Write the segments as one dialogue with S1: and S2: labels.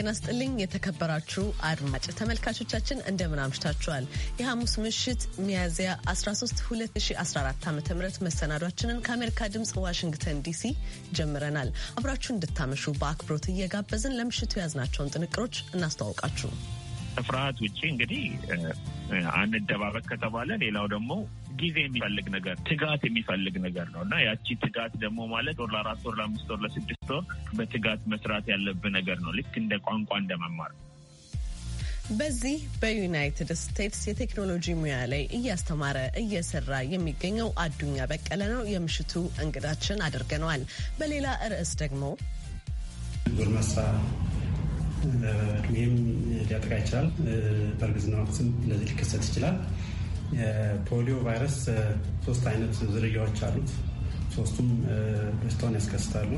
S1: ጤና ስጥልኝ የተከበራችሁ አድማጭ ተመልካቾቻችን እንደምን አምሽታችኋል። የሐሙስ ምሽት ሚያዝያ 13 2014 ዓ ም መሰናዷችንን ከአሜሪካ ድምፅ ዋሽንግተን ዲሲ ጀምረናል። አብራችሁ እንድታመሹ በአክብሮት እየጋበዝን ለምሽቱ የያዝናቸውን ጥንቅሮች እናስተዋውቃችሁ።
S2: ከፍርሃት ውጭ እንግዲህ አንደባበቅ ከተባለ ሌላው ደግሞ ጊዜ የሚፈልግ ነገር ትጋት የሚፈልግ ነገር ነው እና ያቺ ትጋት ደግሞ ማለት ወር ለአራት ወር ለአምስት ወር ለስድስት ወር በትጋት መስራት ያለብህ ነገር ነው። ልክ እንደ ቋንቋ እንደመማር ነው።
S1: በዚህ በዩናይትድ ስቴትስ የቴክኖሎጂ ሙያ ላይ እያስተማረ እየሰራ የሚገኘው አዱኛ በቀለ ነው የምሽቱ እንግዳችን አድርገነዋል። በሌላ ርዕስ ደግሞ
S3: ጎርመሳ እድሜም ሊያጠቃ ይችላል። በእርግዝና ወቅትም እንደዚህ ሊከሰት ይችላል። የፖሊዮ ቫይረስ ሶስት አይነት ዝርያዎች አሉት። ሶስቱም በሽታውን ያስከስታሉ።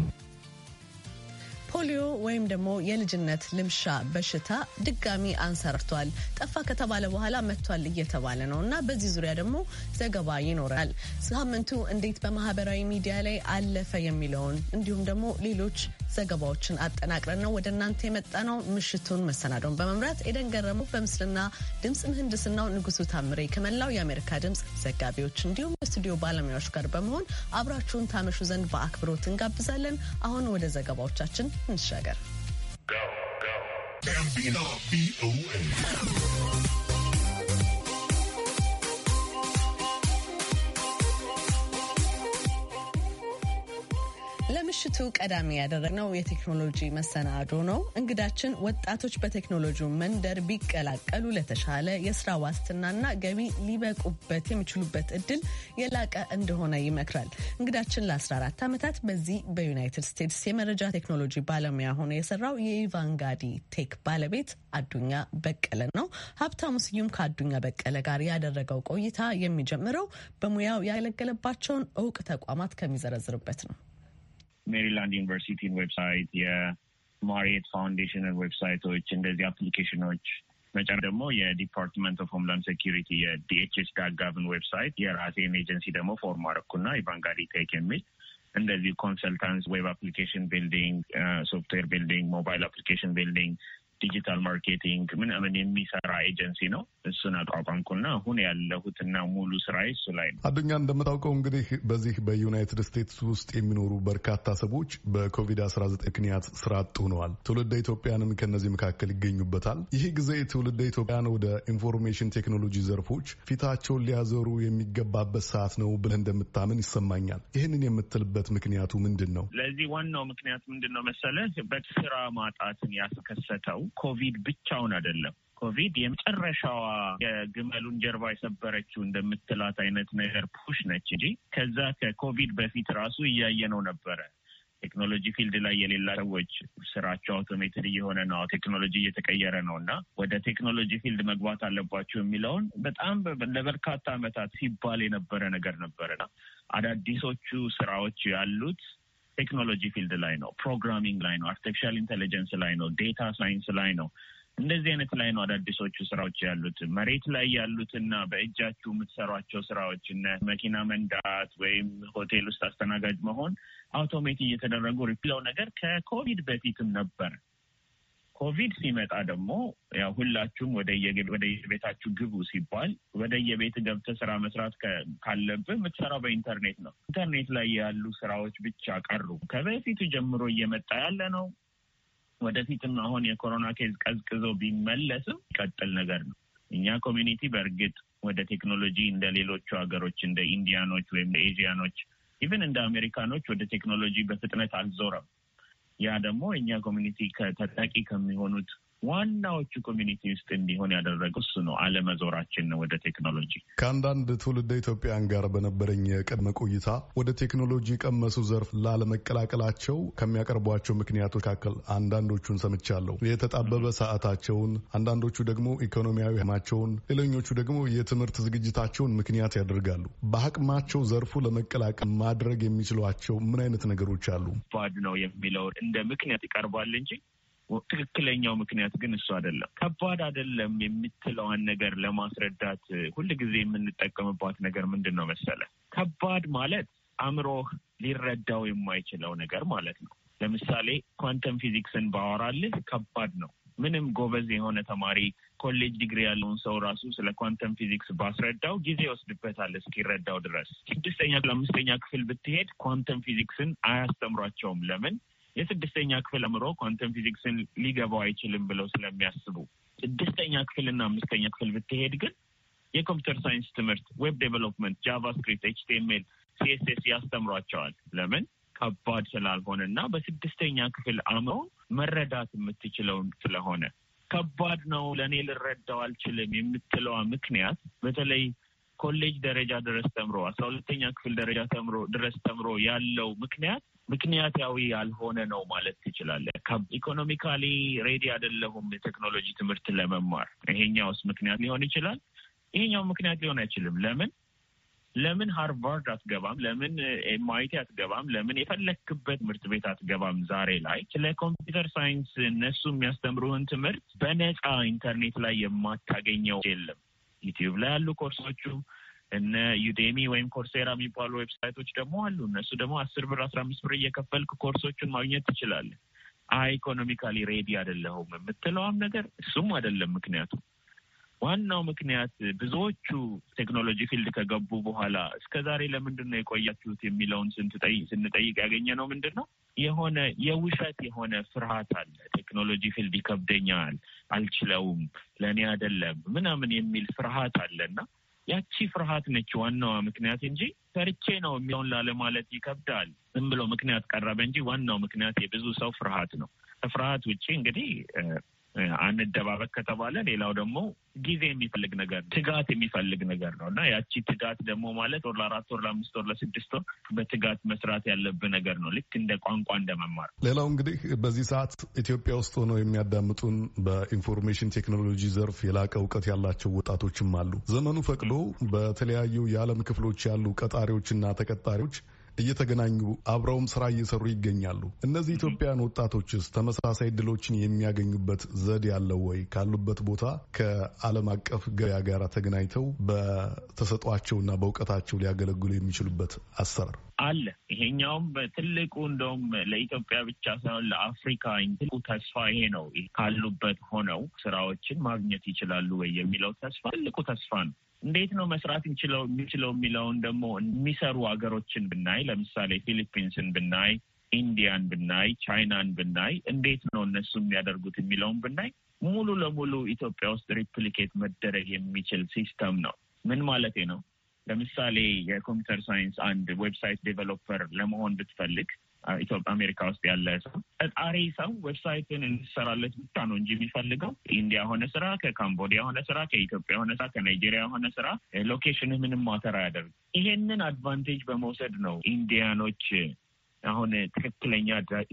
S1: ፖሊዮ ወይም ደግሞ የልጅነት ልምሻ በሽታ ድጋሚ አንሰርቷል ጠፋ ከተባለ በኋላ መጥቷል እየተባለ ነው እና በዚህ ዙሪያ ደግሞ ዘገባ ይኖራል። ሳምንቱ እንዴት በማህበራዊ ሚዲያ ላይ አለፈ የሚለውን እንዲሁም ደግሞ ሌሎች ዘገባዎችን አጠናቅረን ነው ወደ እናንተ የመጣ ነው። ምሽቱን መሰናዶን በመምራት ኤደን ገረሙ፣ በምስልና ድምፅ ምህንድስናው ንጉሱ ታምሬ ከመላው የአሜሪካ ድምፅ ዘጋቢዎች እንዲሁም የስቱዲዮ ባለሙያዎች ጋር በመሆን አብራችሁን ታመሹ ዘንድ በአክብሮት እንጋብዛለን። አሁን ወደ ዘገባዎቻችን And sugar. ለምሽቱ ቀዳሚ ያደረግነው የቴክኖሎጂ መሰናዶ ነው። እንግዳችን ወጣቶች በቴክኖሎጂ መንደር ቢቀላቀሉ ለተሻለ የስራ ዋስትናና ገቢ ሊበቁበት የሚችሉበት እድል የላቀ እንደሆነ ይመክራል። እንግዳችን ለ14 ዓመታት በዚህ በዩናይትድ ስቴትስ የመረጃ ቴክኖሎጂ ባለሙያ ሆኖ የሰራው የኢቫንጋዲ ቴክ ባለቤት አዱኛ በቀለ ነው። ሀብታሙ ስዩም ከአዱኛ በቀለ ጋር ያደረገው ቆይታ የሚጀምረው በሙያው ያገለገለባቸውን እውቅ ተቋማት ከሚዘረዝርበት ነው።
S2: ሜሪላንድ ዩኒቨርሲቲን ዌብሳይት የማሪየት ፋውንዴሽንን ዌብሳይቶች፣ እንደዚህ አፕሊኬሽኖች መጨረ ደግሞ የዲፓርትመንት ኦፍ ሆምላንድ ሴኪሪቲ የዲኤችኤስ ዳጋብን ዌብሳይት የራሴን ኤጀንሲ ደግሞ ፎርም አረኩና ኢቫንጋሪ ቴክ የሚል እንደዚህ ኮንሰልታንስ ዌብ አፕሊኬሽን ቢልዲንግ፣ ሶፍትዌር ቢልዲንግ፣ ሞባይል አፕሊኬሽን ቢልዲንግ ዲጂታል ማርኬቲንግ ምናምን የሚሰራ ኤጀንሲ ነው። እሱን አቋቋምኩና አሁን ያለሁትና ሙሉ ስራ እሱ ላይ ነው።
S4: አዱኛ፣ እንደምታውቀው እንግዲህ በዚህ በዩናይትድ ስቴትስ ውስጥ የሚኖሩ በርካታ ሰዎች በኮቪድ-19 ምክንያት ስራ አጥ ሆነዋል። ትውልደ ኢትዮጵያንም ከእነዚህ መካከል ይገኙበታል። ይህ ጊዜ ትውልደ ኢትዮጵያን ወደ ኢንፎርሜሽን ቴክኖሎጂ ዘርፎች ፊታቸውን ሊያዘሩ የሚገባበት ሰዓት ነው ብለህ እንደምታምን ይሰማኛል። ይህንን የምትልበት ምክንያቱ ምንድን ነው?
S2: ለዚህ ዋናው ምክንያት ምንድን ነው መሰለህ በስራ ማጣትን ያስከሰተው ኮቪድ ብቻውን አይደለም። ኮቪድ የመጨረሻዋ የግመሉን ጀርባ የሰበረችው እንደምትላት አይነት ነገር ፑሽ ነች እንጂ ከዛ ከኮቪድ በፊት ራሱ እያየነው ነበረ። ቴክኖሎጂ ፊልድ ላይ የሌላ ሰዎች ስራቸው አውቶሜትድ እየሆነ ነው፣ ቴክኖሎጂ እየተቀየረ ነው እና ወደ ቴክኖሎጂ ፊልድ መግባት አለባቸው የሚለውን በጣም ለበርካታ ዓመታት ሲባል የነበረ ነገር ነበረና አዳዲሶቹ ስራዎች ያሉት ቴክኖሎጂ ፊልድ ላይ ነው፣ ፕሮግራሚንግ ላይ ነው፣ አርቲፊሻል ኢንቴሊጀንስ ላይ ነው፣ ዴታ ሳይንስ ላይ ነው። እንደዚህ አይነት ላይ ነው አዳዲሶቹ ስራዎች ያሉት። መሬት ላይ ያሉት እና በእጃችሁ የምትሰሯቸው ስራዎች እነ መኪና መንዳት ወይም ሆቴል ውስጥ አስተናጋጅ መሆን አውቶሜት እየተደረጉ ሪፕለው ነገር ከኮቪድ በፊትም ነበር። ኮቪድ ሲመጣ ደግሞ ያው ሁላችሁም ወደየቤታችሁ ግቡ ሲባል ወደየቤት ገብተህ ስራ መስራት ካለብህ የምትሰራው በኢንተርኔት ነው። ኢንተርኔት ላይ ያሉ ስራዎች ብቻ ቀሩ። ከበፊቱ ጀምሮ እየመጣ ያለ ነው። ወደፊትም አሁን የኮሮና ኬዝ ቀዝቅዞ ቢመለስም ይቀጥል ነገር ነው። እኛ ኮሚኒቲ በእርግጥ ወደ ቴክኖሎጂ እንደ ሌሎቹ ሀገሮች እንደ ኢንዲያኖች ወይም ኤዥያኖች ኢቨን እንደ አሜሪካኖች ወደ ቴክኖሎጂ በፍጥነት አልዞረም። የአዳሞ እኛ ኮሚኒቲ ታጣቂ ከሚሆኑት ዋናዎቹ ኮሚኒቲ ውስጥ እንዲሆን ያደረገው እሱ ነው። አለመዞራችን ነው ወደ ቴክኖሎጂ።
S4: ከአንዳንድ ትውልደ ኢትዮጵያን ጋር በነበረኝ የቅድመ ቆይታ ወደ ቴክኖሎጂ ቀመሱ ዘርፍ ላለመቀላቀላቸው ከሚያቀርቧቸው ምክንያቶች መካከል አንዳንዶቹን ሰምቻለሁ። የተጣበበ ሰዓታቸውን፣ አንዳንዶቹ ደግሞ ኢኮኖሚያዊ ህማቸውን፣ ሌሎኞቹ ደግሞ የትምህርት ዝግጅታቸውን ምክንያት ያደርጋሉ። በአቅማቸው ዘርፉ ለመቀላቀል ማድረግ የሚችሏቸው ምን አይነት ነገሮች አሉ?
S2: ባድ ነው የሚለው እንደ ምክንያት ይቀርባል እንጂ ትክክለኛው ምክንያት ግን እሱ አይደለም። ከባድ አይደለም የምትለዋን ነገር ለማስረዳት ሁል ጊዜ የምንጠቀምባት ነገር ምንድን ነው መሰለ? ከባድ ማለት አእምሮህ ሊረዳው የማይችለው ነገር ማለት ነው። ለምሳሌ ኳንተም ፊዚክስን ባወራልህ ከባድ ነው። ምንም ጎበዝ የሆነ ተማሪ ኮሌጅ ዲግሪ ያለውን ሰው ራሱ ስለ ኳንተም ፊዚክስ ባስረዳው ጊዜ ይወስድበታል እስኪረዳው ድረስ። ስድስተኛ ለአምስተኛ ክፍል ብትሄድ ኳንተም ፊዚክስን አያስተምሯቸውም። ለምን? የስድስተኛ ክፍል አእምሮ ኳንተም ፊዚክስን ሊገባው አይችልም ብለው ስለሚያስቡ ስድስተኛ ክፍልና አምስተኛ ክፍል ብትሄድ ግን የኮምፒውተር ሳይንስ ትምህርት፣ ዌብ ዴቨሎፕመንት፣ ጃቫስክሪፕት፣ ኤችቲኤምኤል፣ ሲኤስኤስ ያስተምሯቸዋል። ለምን ከባድ ስላልሆነ እና በስድስተኛ ክፍል አምሮ መረዳት የምትችለው ስለሆነ ከባድ ነው ለእኔ ልረዳው አልችልም የምትለዋ ምክንያት በተለይ ኮሌጅ ደረጃ ድረስ ተምሮ አስራ ሁለተኛ ክፍል ደረጃ ተምሮ ድረስ ተምሮ ያለው ምክንያት ምክንያታዊ ያልሆነ ነው ማለት ትችላለህ። ኢኮኖሚካሊ ሬዲ አይደለሁም የቴክኖሎጂ ትምህርት ለመማር ይሄኛውስ ምክንያት ሊሆን ይችላል። ይሄኛው ምክንያት ሊሆን አይችልም። ለምን ለምን ሃርቫርድ አትገባም? ለምን ኤምአይቲ አትገባም? ለምን የፈለክበት ትምህርት ቤት አትገባም? ዛሬ ላይ ስለ ኮምፒውተር ሳይንስ እነሱ የሚያስተምሩህን ትምህርት በነፃ ኢንተርኔት ላይ የማታገኘው የለም። ዩቲዩብ ላይ ያሉ ኮርሶቹ እነ ዩዴሚ ወይም ኮርሴራ የሚባሉ ዌብሳይቶች ደግሞ አሉ። እነሱ ደግሞ አስር ብር አስራ አምስት ብር እየከፈልክ ኮርሶቹን ማግኘት ትችላለህ። አይ ኢኮኖሚካሊ ሬዲ አይደለሁም የምትለውም ነገር እሱም አይደለም ምክንያቱም ዋናው ምክንያት ብዙዎቹ ቴክኖሎጂ ፊልድ ከገቡ በኋላ እስከ ዛሬ ለምንድን ነው የቆያችሁት የሚለውን ስንጠይቅ ያገኘ ነው ምንድን ነው የሆነ የውሸት የሆነ ፍርሃት አለ። ቴክኖሎጂ ፊልድ ይከብደኛል፣ አልችለውም፣ ለእኔ አይደለም ምናምን የሚል ፍርሃት አለና ያቺ ፍርሃት ነች ዋናዋ ምክንያት እንጂ ሰርቼ ነው የሚሆን ላለማለት ይከብዳል። ዝም ብሎ ምክንያት ቀረበ እንጂ ዋናው ምክንያት የብዙ ሰው ፍርሃት ነው። ከፍርሃት ውጭ እንግዲህ አንደባበቅ ከተባለ ሌላው ደግሞ ጊዜ የሚፈልግ ነገር ትጋት የሚፈልግ ነገር ነው እና ያቺ ትጋት ደግሞ ማለት ወር ለአራት ወር ለአምስት ወር ለስድስት ወር በትጋት መስራት ያለብህ ነገር ነው። ልክ እንደ ቋንቋ እንደ መማር።
S4: ሌላው እንግዲህ በዚህ ሰዓት ኢትዮጵያ ውስጥ ሆነው የሚያዳምጡን በኢንፎርሜሽን ቴክኖሎጂ ዘርፍ የላቀ እውቀት ያላቸው ወጣቶችም አሉ። ዘመኑ ፈቅዶ በተለያዩ የዓለም ክፍሎች ያሉ ቀጣሪዎችና ተቀጣሪዎች እየተገናኙ አብረውም ስራ እየሰሩ ይገኛሉ። እነዚህ ኢትዮጵያውያን ወጣቶችስ ተመሳሳይ እድሎችን የሚያገኙበት ዘድ ያለው ወይ? ካሉበት ቦታ ከዓለም አቀፍ ገበያ ጋር ተገናኝተው በተሰጧቸውና በእውቀታቸው ሊያገለግሉ የሚችሉበት አሰራር
S3: አለ።
S2: ይሄኛውም ትልቁ እንደውም ለኢትዮጵያ ብቻ ሳይሆን ለአፍሪካ ትልቁ ተስፋ ይሄ ነው። ካሉበት ሆነው ስራዎችን ማግኘት ይችላሉ ወይ የሚለው ተስፋ ትልቁ ተስፋ ነው። እንዴት ነው መስራት እንችለው የሚችለው የሚለውን ደግሞ የሚሰሩ ሀገሮችን ብናይ ለምሳሌ ፊሊፒንስን ብናይ፣ ኢንዲያን ብናይ፣ ቻይናን ብናይ እንዴት ነው እነሱ የሚያደርጉት የሚለውን ብናይ ሙሉ ለሙሉ ኢትዮጵያ ውስጥ ሪፕሊኬት መደረግ የሚችል ሲስተም ነው። ምን ማለቴ ነው? ለምሳሌ የኮምፒውተር ሳይንስ አንድ ዌብሳይት ዴቨሎፐር ለመሆን ብትፈልግ ኢትዮጵያ አሜሪካ ውስጥ ያለ ሰው ጠጣሪ ሰው ዌብሳይትን እንሰራለት ብቻ ነው እንጂ የሚፈልገው ኢንዲያ የሆነ ስራ፣ ከካምቦዲያ የሆነ ስራ፣ ከኢትዮጵያ የሆነ ስራ፣ ከናይጄሪያ የሆነ ስራ ሎኬሽን ምንም ማተር አያደርግ። ይሄንን አድቫንቴጅ በመውሰድ ነው ኢንዲያኖች አሁን ትክክለኛ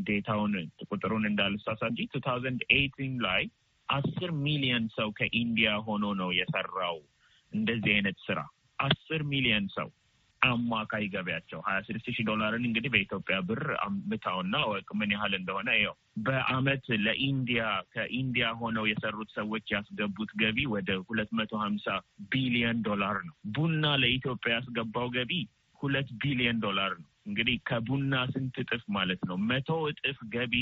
S2: ዴታውን ቁጥሩን እንዳልሳሳት እንጂ ቱ ታውዘንድ ኤይቲን ላይ አስር ሚሊዮን ሰው ከኢንዲያ ሆኖ ነው የሰራው እንደዚህ አይነት ስራ አስር ሚሊዮን ሰው አማካይ ገቢያቸው ሀያ ስድስት ሺህ ዶላርን እንግዲህ በኢትዮጵያ ብር ምታውና ወቅ ምን ያህል እንደሆነ ይኸው በአመት ለኢንዲያ ከኢንዲያ ሆነው የሰሩት ሰዎች ያስገቡት ገቢ ወደ ሁለት መቶ ሀምሳ ቢሊዮን ዶላር ነው። ቡና ለኢትዮጵያ ያስገባው ገቢ ሁለት ቢሊዮን ዶላር ነው። እንግዲህ ከቡና ስንት እጥፍ ማለት ነው። መቶ እጥፍ ገቢ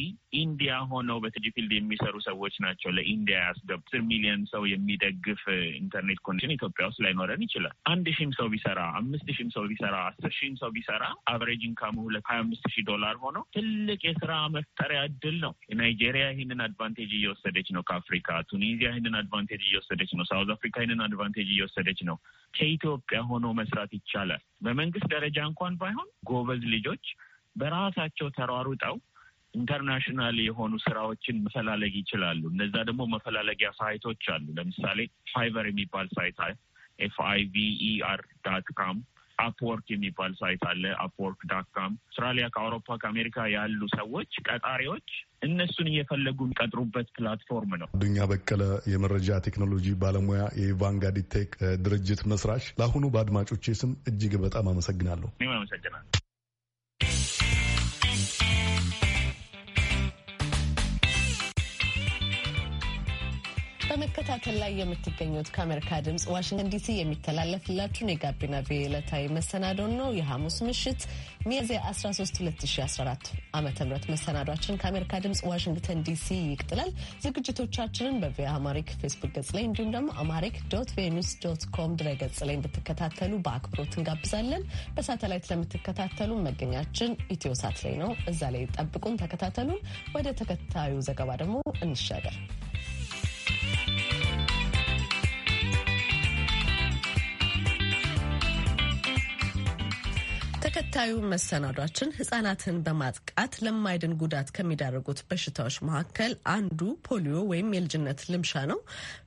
S2: ኢንዲያ ሆነው በትጂ ፊልድ የሚሰሩ ሰዎች ናቸው ለኢንዲያ ያስገቡ። አስር ሚሊዮን ሰው የሚደግፍ ኢንተርኔት ኮኔክሽን ኢትዮጵያ ውስጥ ላይኖረን ይችላል። አንድ ሺህም ሰው ቢሰራ፣ አምስት ሺህም ሰው ቢሰራ፣ አስር ሺህም ሰው ቢሰራ አቨሬጅ ኢንካሙ ሁለት ሀያ አምስት ሺህ ዶላር ሆነው ትልቅ የስራ መፍጠሪያ እድል ነው። ናይጄሪያ ይህንን አድቫንቴጅ እየወሰደች ነው ከአፍሪካ። ቱኒዚያ ይህንን አድቫንቴጅ እየወሰደች ነው። ሳውዝ አፍሪካ ይህንን አድቫንቴጅ እየወሰደች ነው። ከኢትዮጵያ ሆኖ መስራት ይቻላል። በመንግስት ደረጃ እንኳን ባይሆን ጎበዝ ልጆች በራሳቸው ተሯሩጠው ኢንተርናሽናል የሆኑ ስራዎችን መፈላለግ ይችላሉ። እነዛ ደግሞ መፈላለጊያ ሳይቶች አሉ። ለምሳሌ ፋይቨር የሚባል ሳይት አለ። ኤፍ አይ ቪ ኢ አር ዳት ካም አፕወርክ የሚባል ሳይት አለ። አፕወርክ ዳት ካም አውስትራሊያ፣ ከአውሮፓ፣ ከአሜሪካ ያሉ ሰዎች ቀጣሪዎች እነሱን እየፈለጉ የሚቀጥሩበት ፕላትፎርም ነው።
S4: አዱኛ በቀለ የመረጃ ቴክኖሎጂ ባለሙያ የቫንጋዲ ቴክ ድርጅት መስራች፣ ለአሁኑ በአድማጮቼ ስም እጅግ በጣም አመሰግናለሁ።
S2: እኔም አመሰግናለሁ። Thank you.
S1: በመከታተል ላይ የምትገኙት ከአሜሪካ ድምፅ ዋሽንግተን ዲሲ የሚተላለፍላችሁን የጋቢና ቪኦኤ ዕለታዊ መሰናዶን ነው። የሐሙስ ምሽት ሚያዝያ 13 2014 ዓ ም መሰናዷችን ከአሜሪካ ድምፅ ዋሽንግተን ዲሲ ይቀጥላል። ዝግጅቶቻችንን በቪኦኤ አማሪክ ፌስቡክ ገጽ ላይ እንዲሁም ደግሞ አማሪክ ዶት ቪኦኤ ዶት ኮም ድረ ገጽ ላይ እንድትከታተሉ በአክብሮት እንጋብዛለን። በሳተላይት ለምትከታተሉ መገኛችን ኢትዮሳት ላይ ነው። እዛ ላይ ጠብቁን፣ ተከታተሉን። ወደ ተከታዩ ዘገባ ደግሞ እንሻገር። ተከታዩ መሰናዷችን ህጻናትን በማጥቃት ለማይድን ጉዳት ከሚዳረጉት በሽታዎች መካከል አንዱ ፖሊዮ ወይም የልጅነት ልምሻ ነው።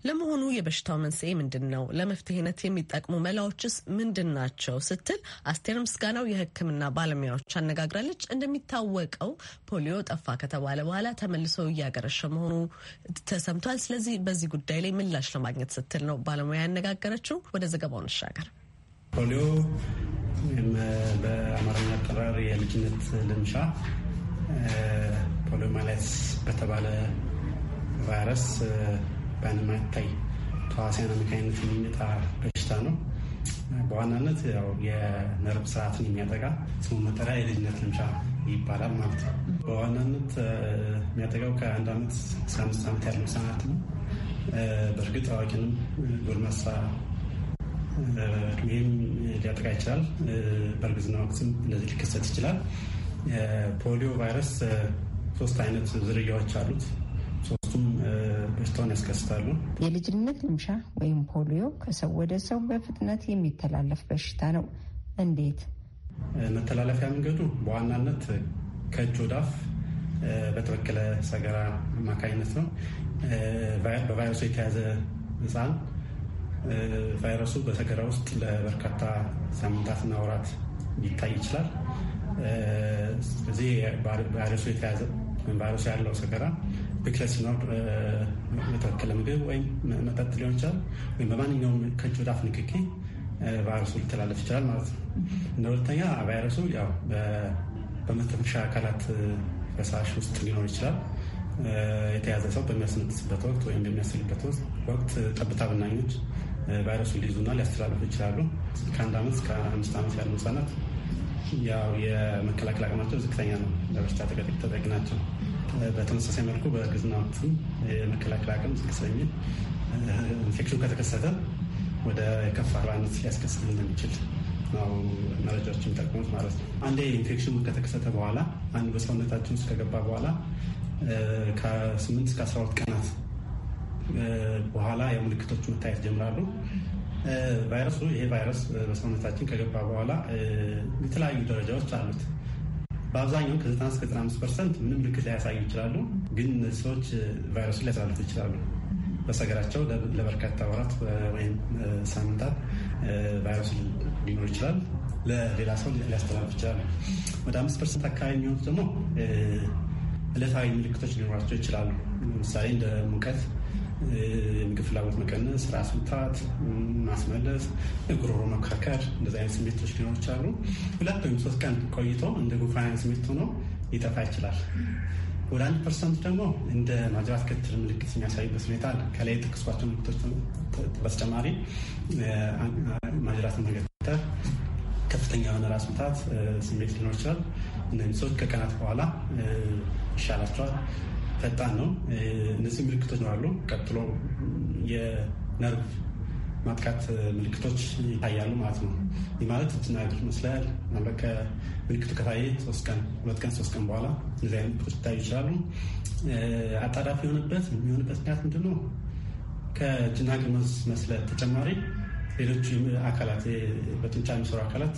S1: ለመሆኑ የበሽታው መንስኤ ምንድን ነው? ለመፍትሄነት የሚጠቅሙ መላዎችስ ምንድን ናቸው? ስትል አስቴር ምስጋናው የህክምና ባለሙያዎች አነጋግራለች። እንደሚታወቀው ፖሊዮ ጠፋ ከተባለ በኋላ ተመልሶ እያገረሸ መሆኑ ተሰምቷል። ስለዚህ በዚህ ጉዳይ ላይ ምላሽ ለማግኘት ስትል ነው ባለሙያ ያነጋገረችው። ወደ ዘገባው እንሻገር።
S3: ፖሊዮ በአማርኛ አጠራር የልጅነት ልምሻ ፖሊዮ በተባለ ቫይረስ በንማታይ ተዋሲያን አማካኝነት የሚመጣ በሽታ ነው። በዋናነት ያው የነርቭ ስርዓትን የሚያጠቃ ስሙ መጠሪያ የልጅነት ልምሻ ይባላል ማለት ነው። በዋናነት የሚያጠቃው ከአንድ ዓመት እስከ አምስት ዓመት ያለው ህጻናት ነው። በእርግጥ አዋቂንም ጎልማሳ እድሜም ሊያጠቃ ይችላል። በእርግዝና ወቅትም እንደዚህ ሊከሰት ይችላል። ፖሊዮ ቫይረስ ሶስት አይነት ዝርያዎች አሉት። ሶስቱም በሽታውን ያስከስታሉ።
S1: የልጅነት ልምሻ ወይም ፖሊዮ ከሰው ወደ ሰው በፍጥነት የሚተላለፍ በሽታ ነው። እንዴት?
S3: መተላለፊያ መንገዱ በዋናነት ከእጅ ወዳፍ በተበከለ ሰገራ አማካኝነት ነው። በቫይረሱ የተያዘ ህፃን ቫይረሱ በሰገራ ውስጥ ለበርካታ ሳምንታትና ወራት ሊታይ ይችላል። እዚህ ቫይረሱ የተያዘ ቫይረሱ ያለው ሰገራ ብክለት ሲኖር በተበከለ ምግብ ወይም መጠጥ ሊሆን ይችላል ወይም በማንኛውም ከእጅ ወደ አፍ ንክኪ ቫይረሱ ሊተላለፍ ይችላል ማለት ነው። እንደ ሁለተኛ ቫይረሱ ያው በመተንፈሻ አካላት ፈሳሽ ውስጥ ሊኖር ይችላል። የተያዘ ሰው በሚያስነጥስበት ወቅት ወይም በሚያስልበት ወቅት ጠብታ ብናኞች ቫይረሱን ሊይዙና ሊያስተላልፉ ይችላሉ። ከአንድ ዓመት እስከ አምስት ዓመት ያሉ ህጻናት ያው የመከላከል አቅማቸው ዝቅተኛ ነው፣ ለበሽታ ተጠቂ ናቸው። በተመሳሳይ መልኩ በእርግዝና ወቅትም የመከላከል አቅም ዝቅ ስለሚል ኢንፌክሽን ከተከሰተ ወደ የከፋ አይነት ሊያስከስል እንደሚችል ነው መረጃዎች የሚጠቅሙት ማለት ነው። አንዴ ኢንፌክሽን ከተከሰተ በኋላ አንድ በሰውነታችን ውስጥ ከገባ በኋላ ከስምንት እስከ አስራ ሁለት ቀናት በኋላ የምልክቶቹ መታየት ጀምራሉ። ቫይረሱ ይሄ ቫይረስ በሰውነታችን ከገባ በኋላ የተለያዩ ደረጃዎች አሉት። በአብዛኛው ከ90 እስከ 95 ፐርሰንት ምንም ምልክት ሊያሳዩ ይችላሉ። ግን ሰዎች ቫይረሱን ሊያሳልፉ ይችላሉ። በሰገራቸው ለበርካታ ወራት ወይም ሳምንታት ቫይረሱ ሊኖር ይችላል። ለሌላ ሰው ሊያስተላልፍ ይችላል። ወደ አምስት ፐርሰንት አካባቢ የሚሆኑት ደግሞ ዕለታዊ ምልክቶች ሊኖራቸው ይችላሉ። ለምሳሌ እንደ ሙቀት የምግብ ፍላጎት መቀነስ፣ ራስ ምታት፣ ማስመለስ፣ እግሮሮ መካከር እንደዚ አይነት ስሜቶች ሊኖሩ አሉ። ሁለት ወይም ሶስት ቀን ቆይቶ እንደ ጉንፋን አይነት ስሜት ሆኖ ሊጠፋ ይችላል። ወደ አንድ ፐርሰንት ደግሞ እንደ ማጅራት ክትል ምልክት የሚያሳዩበት ሁኔታ አለ። ከላይ የጠቀስኳቸው ምልክቶች በተጨማሪ ማጅራትን መገተር፣ ከፍተኛ የሆነ ራስ ምታት ስሜት ሊኖር ይችላል። እነዚህ ሰዎች ከቀናት በኋላ ይሻላቸዋል። ፈጣን ነው። እነዚህ ምልክቶች ነው አሉ። ቀጥሎ የነርቭ ማጥቃት ምልክቶች ይታያሉ ማለት ነው። ይህ ማለት እጅና እግር መስላል በቀ ምልክቱ ከታየ ሶስት ቀን ሁለት ቀን ሶስት ቀን በኋላ እነዚህ አይነት ምልክቶች ሊታዩ ይችላሉ። አጣዳፊ የሆነበት የሚሆንበት ምክንያት ምንድን ነው? ከእጅና እግር መስለት ተጨማሪ ሌሎቹ አካላት በጡንቻ የሚሰሩ አካላት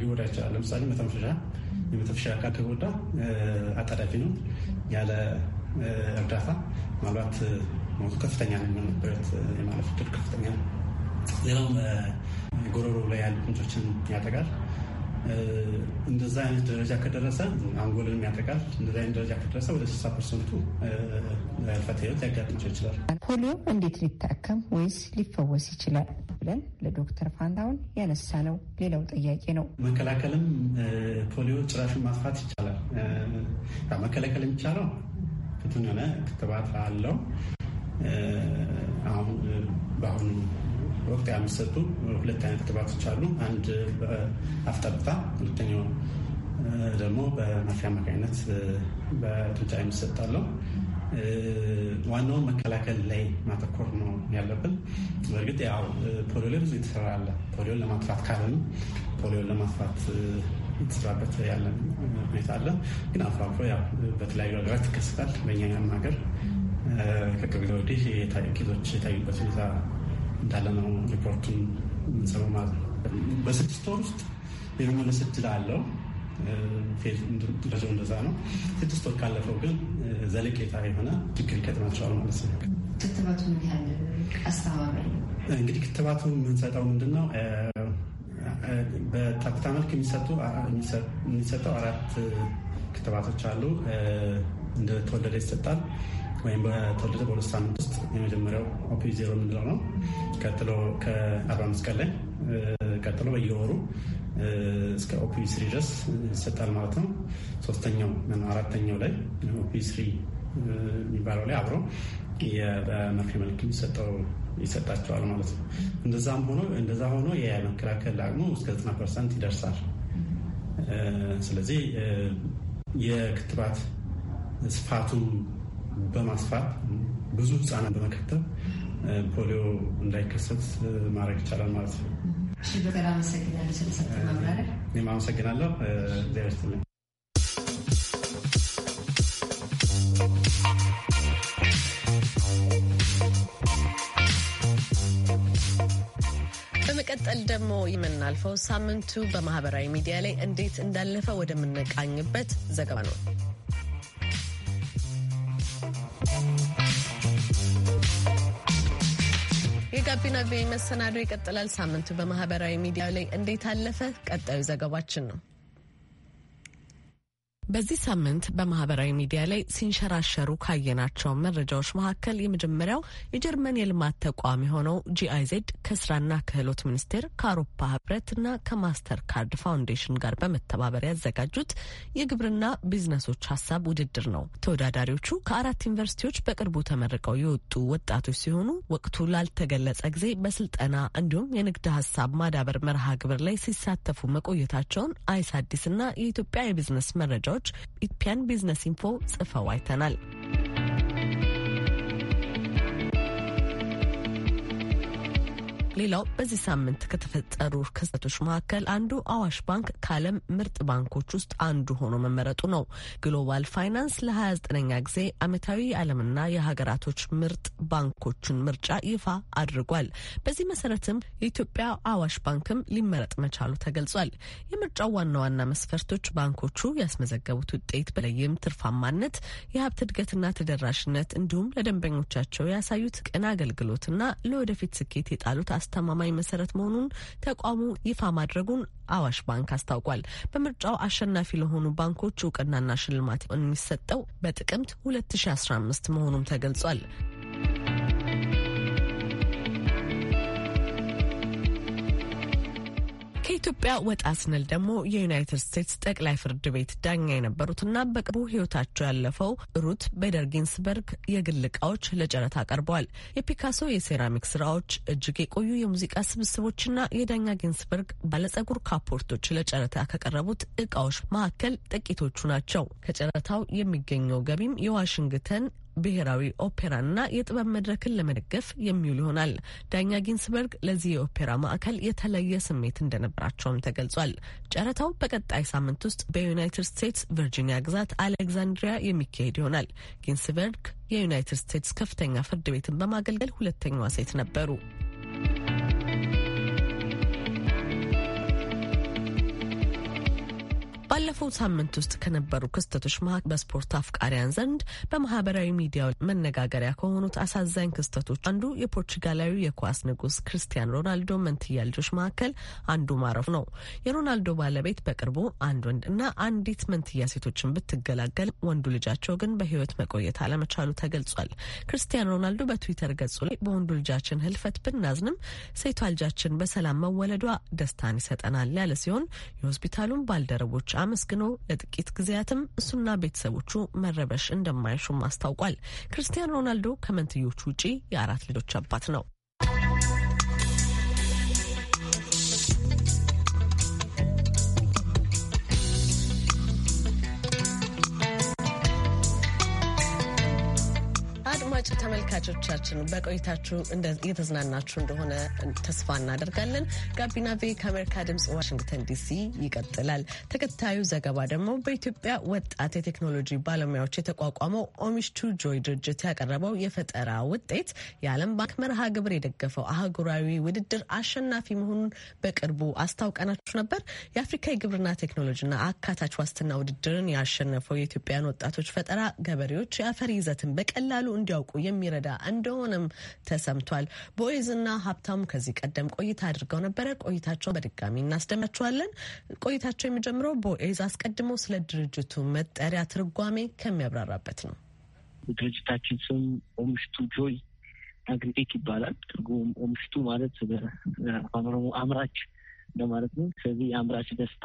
S3: ሊወዳ ይችላል። ለምሳሌ መተንፈሻ የመተንፈሻ አካል ከጎዳ አጣዳፊ ነው። ያለ እርዳታ ምናልባት ሞቱ ከፍተኛ ነው የሚሆንበት የማለፍ ድር ከፍተኛ ነው። ሌላውም ጎረሮ ላይ ያሉ ጉንጮችን ያጠቃል። እንደዛ አይነት ደረጃ ከደረሰ አንጎልን የሚያጠቃል እንደዛ አይነት ደረጃ ከደረሰ ወደ 60 ፐርሰንቱ ህልፈተ ህይወት ሊያጋጥማቸው ይችላል።
S1: ፖሊዮ እንዴት ሊታከም ወይስ ሊፈወስ ይችላል ብለን ለዶክተር ፋንታውን ያነሳ ነው ሌላው ጥያቄ ነው።
S3: መከላከልም ፖሊዮ ጭራሹን ማጥፋት ይቻላል። መከላከል የሚቻለው ፍቱን የሆነ ክትባት አለው አሁን በአሁኑ ወቅት የሚሰጡ ሁለት አይነት ክትባቶች አሉ። አንድ በአፍጠብታ፣ ሁለተኛው ደግሞ በማፊያ አማካኝነት በጡንቻ የሚሰጣለው። ዋናውን መከላከል ላይ ማተኮር ነው ያለብን። በእርግጥ ያው ፖሊዮ ላይ ብዙ የተሰራ አለ። ፖሊዮን ለማጥፋት ካለን ፖሊዮን ለማጥፋት የተሰራበት ያለን ሁኔታ አለ። ግን አልፎ አልፎ ያው በተለያዩ ሀገራት ይከሰታል። በእኛም ሀገር ከቅርብ ጊዜ ወዲህ ኬዞች የታዩበት ሁኔታ እንዳለ ነው ሪፖርቱን የምንሰማው ማለት ነው። በስድስት ወር ውስጥ የመመለስ እድል አለው። ደረጃው እንደዛ ነው። ስድስት ወር ካለፈው ግን ዘለቄታ የሆነ ችግር ይገጥማቸዋል ማለት ነው።
S5: ክትባቱ ምን ያህል አስተባባሪ
S3: እንግዲህ ክትባቱ የምንሰጠው ምንድን ነው? በታብታ መልክ የሚሰጠው አራት ክትባቶች አሉ። እንደተወለደ ይሰጣል። ወይም በተወለደ በሁለት ሳምንት ውስጥ የመጀመሪያው ኦፒ ዜሮ የምንለው ነው። ቀጥሎ ከ45 ቀን ላይ ቀጥሎ በየወሩ እስከ ኦፒ ስሪ ድረስ ይሰጣል ማለት ነው። ሶስተኛው አራተኛው ላይ ኦፒ ስሪ የሚባለው ላይ አብሮ በመርፌ መልክ የሚሰጠው ይሰጣቸዋል ማለት ነው። እንደዛም ሆኖ እንደዛ ሆኖ የመከላከል አቅሙ እስከ ዘጠና ፐርሰንት ይደርሳል። ስለዚህ የክትባት ስፋቱን በማስፋት ብዙ ህፃናት በመከተብ ፖሊዮ እንዳይከሰት ማድረግ ይቻላል ማለት ነው።
S1: በጣም አመሰግናለሁ ስለሰጠ ማብራሪያ።
S3: እኔም አመሰግናለሁ። ዜና ይስጥልኝ።
S1: በመቀጠል ደግሞ የምናልፈው ሳምንቱ በማህበራዊ ሚዲያ ላይ እንዴት እንዳለፈ ወደምንቃኝበት ዘገባ ነው። ጋቢና ቪ መሰናዶ ይቀጥላል። ሳምንቱ በማህበራዊ ሚዲያ ላይ እንዴት አለፈ ቀጣዩ ዘገባችን ነው። በዚህ ሳምንት በማህበራዊ ሚዲያ ላይ ሲንሸራሸሩ ካየናቸው መረጃዎች መካከል የመጀመሪያው የጀርመን የልማት ተቋም የሆነው ጂአይዜድ ከስራና ክህሎት ሚኒስቴር ከአውሮፓ ህብረትና ከማስተር ካርድ ፋውንዴሽን ጋር በመተባበር ያዘጋጁት የግብርና ቢዝነሶች ሀሳብ ውድድር ነው። ተወዳዳሪዎቹ ከአራት ዩኒቨርሲቲዎች በቅርቡ ተመርቀው የወጡ ወጣቶች ሲሆኑ ወቅቱ ላልተገለጸ ጊዜ በስልጠና እንዲሁም የንግድ ሀሳብ ማዳበር መርሃ ግብር ላይ ሲሳተፉ መቆየታቸውን አይስ አዲስ እና የኢትዮጵያ የቢዝነስ መረጃዎች ዘገባዎች ኢትዮጵያን ቢዝነስ ኢንፎ ጽፈው አይተናል። ሌላው በዚህ ሳምንት ከተፈጠሩ ክስተቶች መካከል አንዱ አዋሽ ባንክ ከዓለም ምርጥ ባንኮች ውስጥ አንዱ ሆኖ መመረጡ ነው። ግሎባል ፋይናንስ ለ29ኛ ጊዜ ዓመታዊ የዓለምና የሀገራቶች ምርጥ ባንኮችን ምርጫ ይፋ አድርጓል። በዚህ መሰረትም የኢትዮጵያ አዋሽ ባንክም ሊመረጥ መቻሉ ተገልጿል። የምርጫው ዋና ዋና መስፈርቶች ባንኮቹ ያስመዘገቡት ውጤት በተለይም ትርፋማነት፣ የሀብት እድገትና ተደራሽነት እንዲሁም ለደንበኞቻቸው ያሳዩት ቅን አገልግሎትና ለወደፊት ስኬት የጣሉት አስተማማኝ መሰረት መሆኑን ተቋሙ ይፋ ማድረጉን አዋሽ ባንክ አስታውቋል። በምርጫው አሸናፊ ለሆኑ ባንኮች እውቅናና ሽልማት የሚሰጠው በጥቅምት 2015 መሆኑም ተገልጿል። ከኢትዮጵያ ወጣ ስንል ደግሞ የዩናይትድ ስቴትስ ጠቅላይ ፍርድ ቤት ዳኛ የነበሩትና በቅርቡ ሕይወታቸው ያለፈው ሩት ቤደር ጊንስበርግ የግል እቃዎች ለጨረታ ቀርበዋል። የፒካሶ የሴራሚክ ስራዎች፣ እጅግ የቆዩ የሙዚቃ ስብስቦችና የዳኛ ጊንስበርግ ባለጸጉር ካፖርቶች ለጨረታ ከቀረቡት እቃዎች መካከል ጥቂቶቹ ናቸው። ከጨረታው የሚገኘው ገቢም የዋሽንግተን ብሔራዊ ኦፔራንና የጥበብ መድረክን ለመደገፍ የሚውል ይሆናል። ዳኛ ጊንስበርግ ለዚህ የኦፔራ ማዕከል የተለየ ስሜት እንደነበራቸውም ተገልጿል። ጨረታው በቀጣይ ሳምንት ውስጥ በዩናይትድ ስቴትስ ቨርጂኒያ ግዛት አሌክዛንድሪያ የሚካሄድ ይሆናል። ጊንስበርግ የዩናይትድ ስቴትስ ከፍተኛ ፍርድ ቤትን በማገልገል ሁለተኛዋ ሴት ነበሩ። ባለፈው ሳምንት ውስጥ ከነበሩ ክስተቶች መሀል በስፖርት አፍቃሪያን ዘንድ በማህበራዊ ሚዲያው መነጋገሪያ ከሆኑት አሳዛኝ ክስተቶች አንዱ የፖርቹጋላዊ የኳስ ንጉስ ክርስቲያን ሮናልዶ መንትያ ልጆች መካከል አንዱ ማረፉ ነው። የሮናልዶ ባለቤት በቅርቡ አንድ ወንድ እና አንዲት መንትያ ሴቶችን ብትገላገል ወንዱ ልጃቸው ግን በህይወት መቆየት አለመቻሉ ተገልጿል። ክርስቲያን ሮናልዶ በትዊተር ገጹ ላይ በወንዱ ልጃችን ህልፈት ብናዝንም ሴቷ ልጃችን በሰላም መወለዷ ደስታን ይሰጠናል ያለ ሲሆን የሆስፒታሉን ባልደረቦች አመስግኖ ለጥቂት ጊዜያትም እሱና ቤተሰቦቹ መረበሽ እንደማይሹም አስታውቋል። ክርስቲያን ሮናልዶ ከመንትዮቹ ውጪ የአራት ልጆች አባት ነው። አድማጭ ተመልካቾቻችን በቆይታችሁ እየተዝናናችሁ እንደሆነ ተስፋ እናደርጋለን። ጋቢና ቪ ከአሜሪካ ድምጽ ዋሽንግተን ዲሲ ይቀጥላል። ተከታዩ ዘገባ ደግሞ በኢትዮጵያ ወጣት የቴክኖሎጂ ባለሙያዎች የተቋቋመው ኦሚሽቱ ጆይ ድርጅት ያቀረበው የፈጠራ ውጤት የዓለም ባንክ መርሃ ግብር የደገፈው አህጉራዊ ውድድር አሸናፊ መሆኑን በቅርቡ አስታውቀናችሁ ነበር። የአፍሪካ የግብርና ቴክኖሎጂና አካታች ዋስትና ውድድርን ያሸነፈው የኢትዮጵያን ወጣቶች ፈጠራ ገበሬዎች የአፈር ይዘትን በቀላሉ እንዲያውቁ እንዲጠብቁ የሚረዳ እንደሆነም ተሰምቷል። ቦይዝና ሀብታሙ ከዚህ ቀደም ቆይታ አድርገው ነበረ። ቆይታቸውን በድጋሚ እናስደምጣችኋለን። ቆይታቸው የሚጀምረው ቦይዝ አስቀድሞ ስለ ድርጅቱ መጠሪያ ትርጓሜ ከሚያብራራበት ነው። ድርጅታችን ስም ኦምሽቱ ጆይ አግሪቴክ ይባላል። ትርጉም ኦምሽቱ ማለት
S5: አምራች ለማለት ነው። ስለዚህ የአምራች ደስታ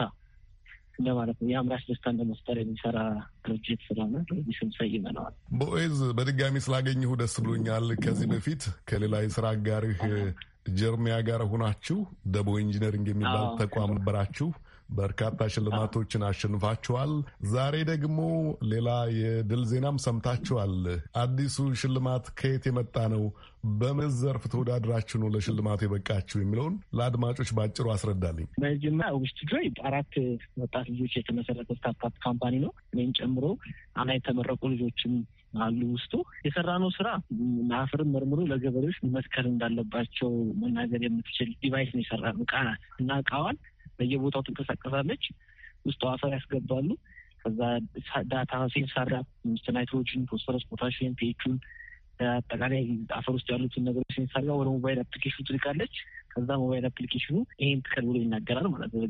S5: እንደማለት ነው። የአምራች ደስታን ለመፍጠር የሚሰራ ድርጅት ስለሆነ ስም ሰይመነዋል።
S4: ቦኤዝ፣ በድጋሚ ስላገኘሁ ደስ ብሎኛል። ከዚህ በፊት ከሌላ የስራ አጋርህ ጀርሚያ ጋር ሆናችሁ ደቦ ኢንጂነሪንግ የሚባል ተቋም ነበራችሁ። በርካታ ሽልማቶችን አሸንፋችኋል። ዛሬ ደግሞ ሌላ የድል ዜናም ሰምታችኋል። አዲሱ ሽልማት ከየት የመጣ ነው? በምን ዘርፍ ተወዳድራችሁ ነው ለሽልማቱ የበቃችሁ የሚለውን ለአድማጮች በአጭሩ አስረዳልኝ። በጅና ውስጥ ጆይ አራት ወጣት ልጆች የተመሰረተ ስታርታፕ
S5: ካምፓኒ ነው። እኔን ጨምሮ አና የተመረቁ ልጆችም አሉ ውስጡ የሰራነው ስራ አፈርን መርምሮ ለገበሬዎች መትከል እንዳለባቸው መናገር የምትችል ዲቫይስ ነው የሰራነው እቃ እና እቃዋን በየቦታው ትንቀሳቀሳለች። ውስጥ አፈር ያስገባሉ። ከዛ ዳታ ሴንሳራ ውስጥ ናይትሮጅን፣ ፎስፈረስ፣ ፖታሽን፣ ፒኤቹን አጠቃላይ አፈር ውስጥ ያሉትን ነገሮች ሴንሳራ ወደ ሞባይል አፕሊኬሽን ትልካለች። ከዛ ሞባይል አፕሊኬሽኑ ይሄን ትከል ብሎ ይናገራል ማለት ነው።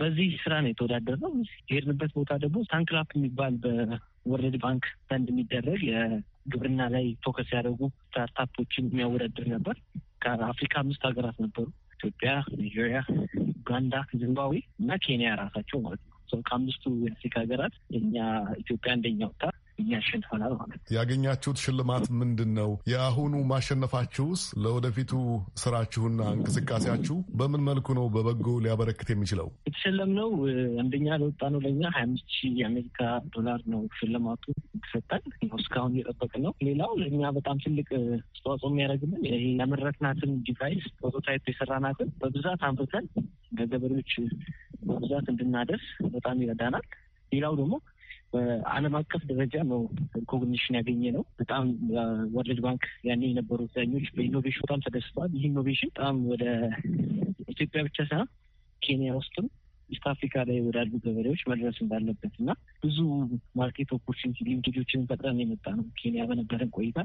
S5: በዚህ ስራ ነው የተወዳደር ነው። የሄድንበት ቦታ ደግሞ ታንክላፕ የሚባል በወርልድ ባንክ ዘንድ የሚደረግ የግብርና ላይ ፎከስ ያደረጉ ስታርታፖችን የሚያወዳድር ነበር። ከአፍሪካ አምስት ሀገራት ነበሩ። ኢትዮጵያ፣ ኒጀሪያ፣ ኡጋንዳ፣ ዚምባብዌ እና ኬንያ ራሳቸው ማለት ነው። ከአምስቱ የአፍሪካ ሀገራት እኛ ኢትዮጵያ አንደኛ ወጥታ ያሸንፈናል ማለት
S4: ነው። ያገኛችሁት ሽልማት ምንድን ነው? የአሁኑ ማሸነፋችሁስ ለወደፊቱ ስራችሁና እንቅስቃሴያችሁ በምን መልኩ ነው በበጎ ሊያበረክት የሚችለው?
S5: የተሸለምነው አንደኛ ነው። ለእኛ ሀያ አምስት ሺህ የአሜሪካ ዶላር ነው ሽልማቱ የተሰጠን እስካሁን እየጠበቅ ነው። ሌላው ለእኛ በጣም ትልቅ አስተዋጽኦ የሚያደርግልን ያመረትናትን ዲቫይስ ፕሮቶታይፕ የሰራናትን በብዛት አምርተን ገበሬዎች በብዛት እንድናደርስ በጣም ይረዳናል። ሌላው ደግሞ በዓለም አቀፍ ደረጃ ነው ሪኮግኒሽን ያገኘ ነው። በጣም ወርልድ ባንክ ያኔ የነበሩ ዳኞች በኢኖቬሽን በጣም ተደስተዋል። ይህ ኢኖቬሽን በጣም ወደ ኢትዮጵያ ብቻ ሳይሆን ኬንያ ውስጥም ኢስት አፍሪካ ላይ ወዳሉ ገበሬዎች መድረስ እንዳለበት እና ብዙ ማርኬት ኦፖርቹኒቲ ሊንኬጆችን ፈጥረን የመጣ ነው ኬንያ በነበረን ቆይታ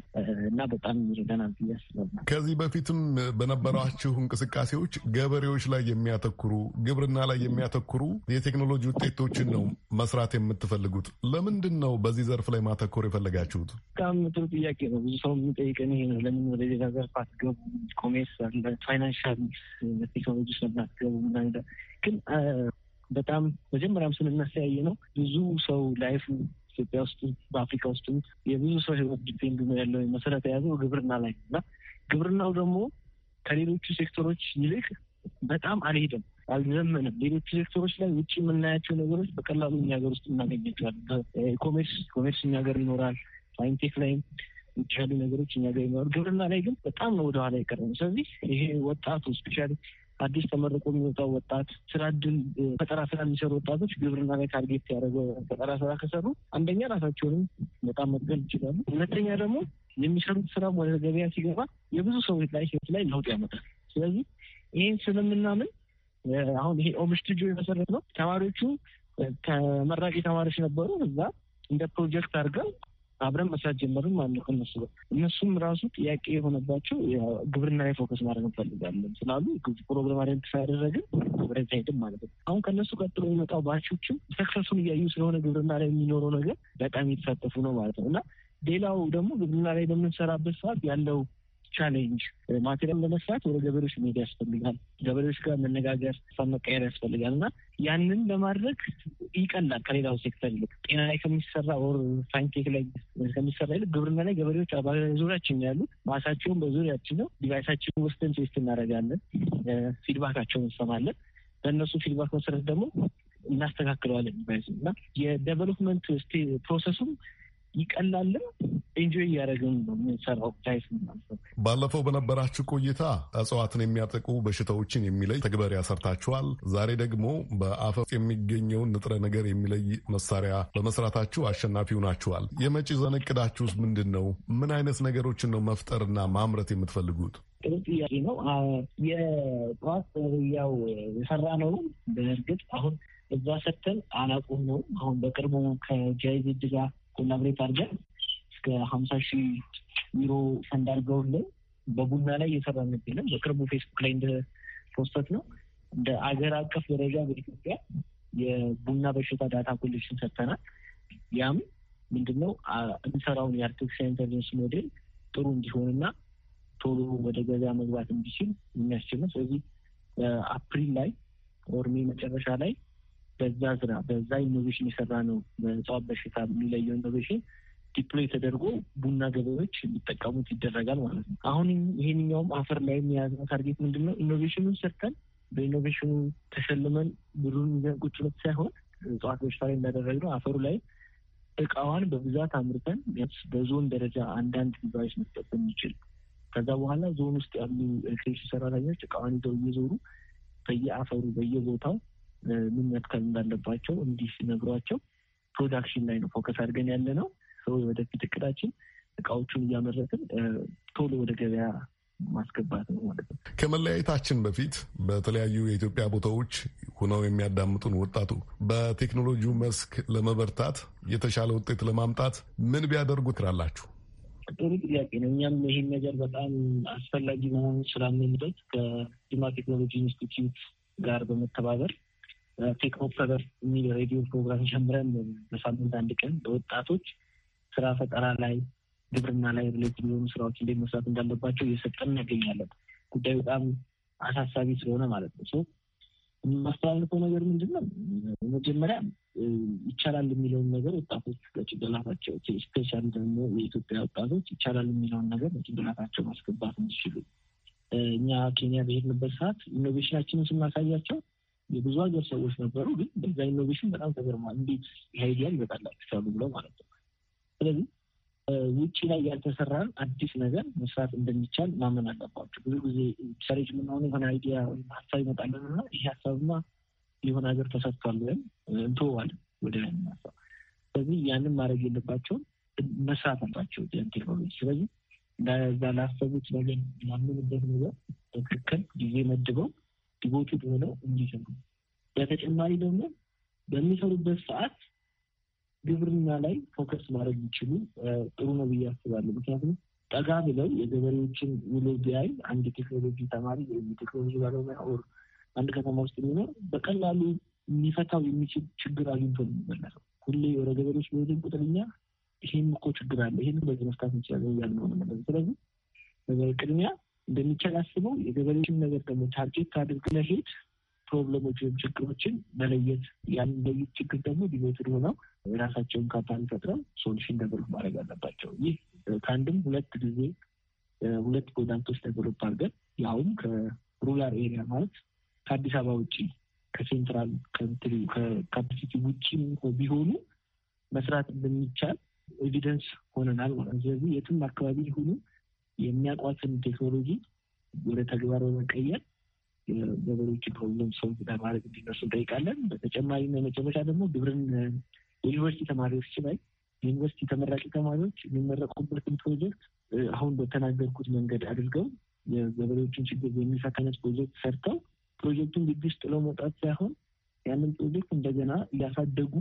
S4: እና በጣም ይረዳናል ብዬ አስባለሁ። ከዚህ በፊትም በነበራችሁ እንቅስቃሴዎች ገበሬዎች ላይ የሚያተኩሩ ግብርና ላይ የሚያተኩሩ የቴክኖሎጂ ውጤቶችን ነው መስራት የምትፈልጉት። ለምንድን ነው በዚህ ዘርፍ ላይ ማተኮር የፈለጋችሁት?
S5: በጣም ጥሩ ጥያቄ ነው። ብዙ ሰው የሚጠይቀን ይሄ ነው። ለምን ወደ ሌላ ዘርፍ አትገቡ? ኮሜርስ አለ፣ ፋይናንሻል ቴክኖሎጂ ስለምናትገቡ ምናምን ግን በጣም መጀመሪያም ስለሚያስተያየ ነው ብዙ ሰው ላይፉ ኢትዮጵያ ውስጥ በአፍሪካ ውስጥ የብዙ ሰው ህይወት ዲፔንድ ነው ያለው መሰረት የያዘው ግብርና ላይ እና ግብርናው ደግሞ ከሌሎቹ ሴክተሮች ይልቅ በጣም አልሄደም፣ አልዘመንም። ሌሎቹ ሴክተሮች ላይ ውጭ የምናያቸው ነገሮች በቀላሉ እኛ ሀገር ውስጥ እናገኘቸዋል። ኮሜርስ ኮሜርስ እኛ ሀገር ይኖራል። ሳይንቴክ ላይም ውጭ ነገሮች እኛ ሀገር ይኖራል። ግብርና ላይ ግን በጣም ነው ወደኋላ የቀረነው። ስለዚህ ይሄ ወጣቱ ስፔሻሊ አዲስ ተመርቆ የሚወጣው ወጣት ስራ እድል ፈጠራ ስራ የሚሰሩ ወጣቶች ግብርና ላይ ታርጌት ያደረገ ፈጠራ ስራ ከሰሩ አንደኛ ራሳቸውንም በጣም መጥገል ይችላሉ። ሁለተኛ ደግሞ የሚሰሩት ስራ ወደ ገበያ ሲገባ የብዙ ሰዎች ላይ ህይወት ላይ ለውጥ ያመጣል። ስለዚህ ይህን ስለምናምን አሁን ይሄ ኦምሽትጆ የመሰረት ነው። ተማሪዎቹ ተመራቂ ተማሪዎች ነበሩ። እዛ እንደ ፕሮጀክት አድርገው አብረን መስራት ጀመርን ማለት ነው ከነሱ ጋር። እነሱም ራሱ ጥያቄ የሆነባቸው ግብርና ላይ ፎከስ ማድረግ እንፈልጋለን ስላሉ ፕሮግራም አደንት ሳያደረግን ወደዛ ሄድም ማለት ነው። አሁን ከነሱ ቀጥሎ የሚመጣው ባቾችም ሰክሰሱን እያዩ ስለሆነ ግብርና ላይ የሚኖረው ነገር በጣም የተሳተፉ ነው ማለት ነው እና ሌላው ደግሞ ግብርና ላይ በምንሰራበት ሰዓት ያለው ቻሌንጅ ማቴሪያል ለመስራት ወደ ገበሬዎች መሄድ ያስፈልጋል። ገበሬዎች ጋር መነጋገር፣ ሀሳብ መቀየር ያስፈልጋል እና ያንን ለማድረግ ይቀላል ከሌላው ሴክተር ይልቅ ጤና ላይ ከሚሰራ ወር ሳይንቴክ ላይ ከሚሰራ ይልቅ ግብርና ላይ ገበሬዎች ዙሪያችን ያሉ ማሳቸውን በዙሪያችን ነው ዲቫይሳችን ወስደን ቴስት እናደርጋለን። ፊድባካቸውን እንሰማለን። በእነሱ ፊድባክ መሰረት ደግሞ እናስተካክለዋለን ዲቫይስ እና የዴቨሎፕመንት ፕሮሰሱም ይቀላልም ኤንጆይ እያደረግን የምንሰራው
S4: ባለፈው በነበራችሁ ቆይታ እጽዋትን የሚያጠቁ በሽታዎችን የሚለይ ተግበሪያ ሰርታችኋል። ዛሬ ደግሞ በአፈር የሚገኘውን ንጥረ ነገር የሚለይ መሳሪያ በመስራታችሁ አሸናፊው ናችኋል። የመጪ ዘመን ውስጥ ምንድን ነው? ምን አይነት ነገሮችን ነው መፍጠርና ማምረት የምትፈልጉት?
S5: ጥሩ ጥያቄ ነው። የጠዋት ያው የሰራ ነው። በእርግጥ አሁን እዛ ሰተን አላቁም ነው። አሁን በቅርቡ ከጃይዜድ ጋር ኮላብሬት አድርገን እስከ ሀምሳ ሺህ ዩሮ ፈንድ አድርገውልን በቡና ላይ እየሰራ ይገኛል። በቅርቡ ፌስቡክ ላይ እንደ ፖስተት ነው እንደ አገር አቀፍ ደረጃ በኢትዮጵያ የቡና በሽታ ዳታ ኮሌክሽን ሰጥተናል። ያም ምንድነው እንሰራውን የአርቲፊሻል ኢንተሊጀንስ ሞዴል ጥሩ እንዲሆንና ቶሎ ወደ ገበያ መግባት እንዲችል የሚያስችል ነው። ስለዚህ አፕሪል ላይ ኦርሜ መጨረሻ ላይ በዛ ስራ በዛ ኢኖቬሽን የሰራ ነው በእጽዋት በሽታ የሚለየው ኢኖቬሽን ዲፕሎይ ተደርጎ ቡና ገበሬዎች እንዲጠቀሙት ይደረጋል ማለት ነው። አሁን ይሄንኛውም አፈር ላይ የያዝነው ታርጌት ምንድን ነው? ኢኖቬሽኑን ሰርተን በኢኖቬሽኑ ተሸልመን ብሩን ይዘን ቁጭ ብለን ሳይሆን እጽዋት በሽታ ላይ እንዳደረግነው አፈሩ ላይ እቃዋን በብዛት አምርተን ቢያንስ በዞን ደረጃ አንዳንድ ዲቫይስ መስጠት የሚችል ከዛ በኋላ ዞን ውስጥ ያሉ ክሬሽ ሰራተኞች እቃዋን ይዘው እየዞሩ በየአፈሩ በየቦታው ምን መትከል እንዳለባቸው እንዲህ ሲነግሯቸው ፕሮዳክሽን ላይ ነው ፎከስ አድርገን ያለ ነው። ሰው ወደፊት እቅዳችን እቃዎቹን እያመረትን ቶሎ ወደ ገበያ ማስገባት ነው ማለት ነው።
S4: ከመለያየታችን በፊት በተለያዩ የኢትዮጵያ ቦታዎች ሆነው የሚያዳምጡን ወጣቱ በቴክኖሎጂው መስክ ለመበርታት የተሻለ ውጤት ለማምጣት ምን ቢያደርጉ ትላላችሁ?
S5: ጥሩ ጥያቄ ነው። እኛም ይህን ነገር በጣም አስፈላጊ መሆኑን ስላመንበት ከጅማ ቴክኖሎጂ ኢንስቲትዩት ጋር በመተባበር ቴክኖፕ ፈበር የሚል ሬዲዮ ፕሮግራም ጀምረን በሳምንት አንድ ቀን በወጣቶች ስራ ፈጠራ ላይ ግብርና ላይ ብለት የሚሆኑ ስራዎች እንዴት መስራት እንዳለባቸው እየሰጠን እናገኛለን። ጉዳይ በጣም አሳሳቢ ስለሆነ ማለት ነው። የማስተላልፈው ነገር ምንድን ነው? መጀመሪያ ይቻላል የሚለውን ነገር ወጣቶች ለጭንቅላታቸው ስፔሻል ደግሞ የኢትዮጵያ ወጣቶች ይቻላል የሚለውን ነገር ለጭንቅላታቸው ማስገባት እንችሉ እኛ ኬንያ በሄድንበት ሰዓት ኢኖቬሽናችንን ስናሳያቸው የብዙ ሀገር ሰዎች ነበሩ፣ ግን በዛ ኢኖቬሽን በጣም ተገርማ እንዴት አይዲያ ይመጣላችሁ ቻሉ ብለው ማለት ነው። ስለዚህ ውጭ ላይ ያልተሰራን አዲስ ነገር መስራት እንደሚቻል ማመን አለባቸው። ብዙ ጊዜ ሰሬጅ የምንሆነ የሆነ አይዲያ ወይም ሀሳብ ይመጣለን እና ይህ ሀሳብማ የሆነ ሀገር ተሰጥቷል ወይም እንትዋለን ወደ ላይ ሀሳብ ስለዚህ ያንን ማድረግ የለባቸውም መስራት አላቸው ቴክኖሎጂ። ስለዚህ እዛ ላሰቡት ነገር ያምንበት ነገር ትክክል ጊዜ መድበው ዲቮትድ ሆነው እንዲሰሩ፣ በተጨማሪ ደግሞ በሚሰሩበት ሰዓት ግብርና ላይ ፎከስ ማድረግ ይችሉ ጥሩ ነው ብዬ አስባለሁ። ምክንያቱም ጠጋ ብለው የገበሬዎችን ውሎ ቢያይ አንድ ቴክኖሎጂ ተማሪ ወይም ቴክኖሎጂ ባለሙያ ኦር አንድ ከተማ ውስጥ የሚኖር በቀላሉ ሊፈታው የሚችል ችግር አግኝቶ ነው የሚመለሰው። ሁሌ ወደ ገበሬዎች በሄድን ቁጥር እኛ ይሄም እኮ ችግር አለ፣ ይሄን በዚህ መፍታት እንችላለን እያልን ነው ስለዚህ ስለዚህ ቅድሚያ እንደሚቻል የገበሬዎችን ነገር ደግሞ ታርጌት ካድርግ መሄድ ፕሮብለሞች ወይም ችግሮችን መለየት ያን ለይት ችግር ደግሞ ዲቤትድ ሆነው የራሳቸውን ካፓን ፈጥረው ሶሉሽን ደቨሎፕ ማድረግ አለባቸው። ይህ ከአንድም ሁለት ጊዜ ሁለት ፕሮዳክቶች ደቨሎፕ አድርገን ያውም ከሩላር ኤሪያ ማለት ከአዲስ አበባ ውጭ ከሴንትራል ከካፓሲቲ ውጭ ቢሆኑ መስራት እንደሚቻል ኤቪደንስ ሆነናል ማለት ስለዚህ የትም አካባቢ ሊሆኑ የሚያውቋትን ቴክኖሎጂ ወደ ተግባር በመቀየር ነገሮች ፕሮብለም ሰው ለማድረግ እንዲነሱ እንጠይቃለን። በተጨማሪ መጨረሻ ደግሞ ግብርን ዩኒቨርሲቲ ተማሪዎች ላይ ዩኒቨርሲቲ ተመራቂ ተማሪዎች የሚመረቁበትን ፕሮጀክት አሁን በተናገርኩት መንገድ አድርገው የገበሬዎችን ችግር የሚሳካነት ፕሮጀክት ሰርተው ፕሮጀክቱን ግቢ ውስጥ ጥለው መውጣት ሳይሆን ያንን ፕሮጀክት እንደገና እያሳደጉ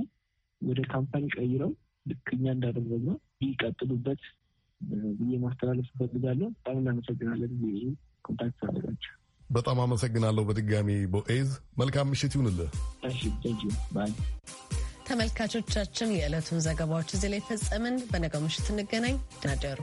S5: ወደ ካምፓኒ ቀይረው ልክኛ እንዳደረግነው ይቀጥሉበት ብዬ ማስተላለፍ
S4: እፈልጋለሁ። በጣም እናመሰግናለን። ኮንታክት ፈልጋቸው በጣም አመሰግናለሁ። በድጋሚ ቦኤዝ መልካም ምሽት ይሁንልህ።
S1: ተመልካቾቻችን የዕለቱን ዘገባዎች እዚህ ላይ ፈጸምን። በነገው ምሽት እንገናኝ። ደህና ደሩ።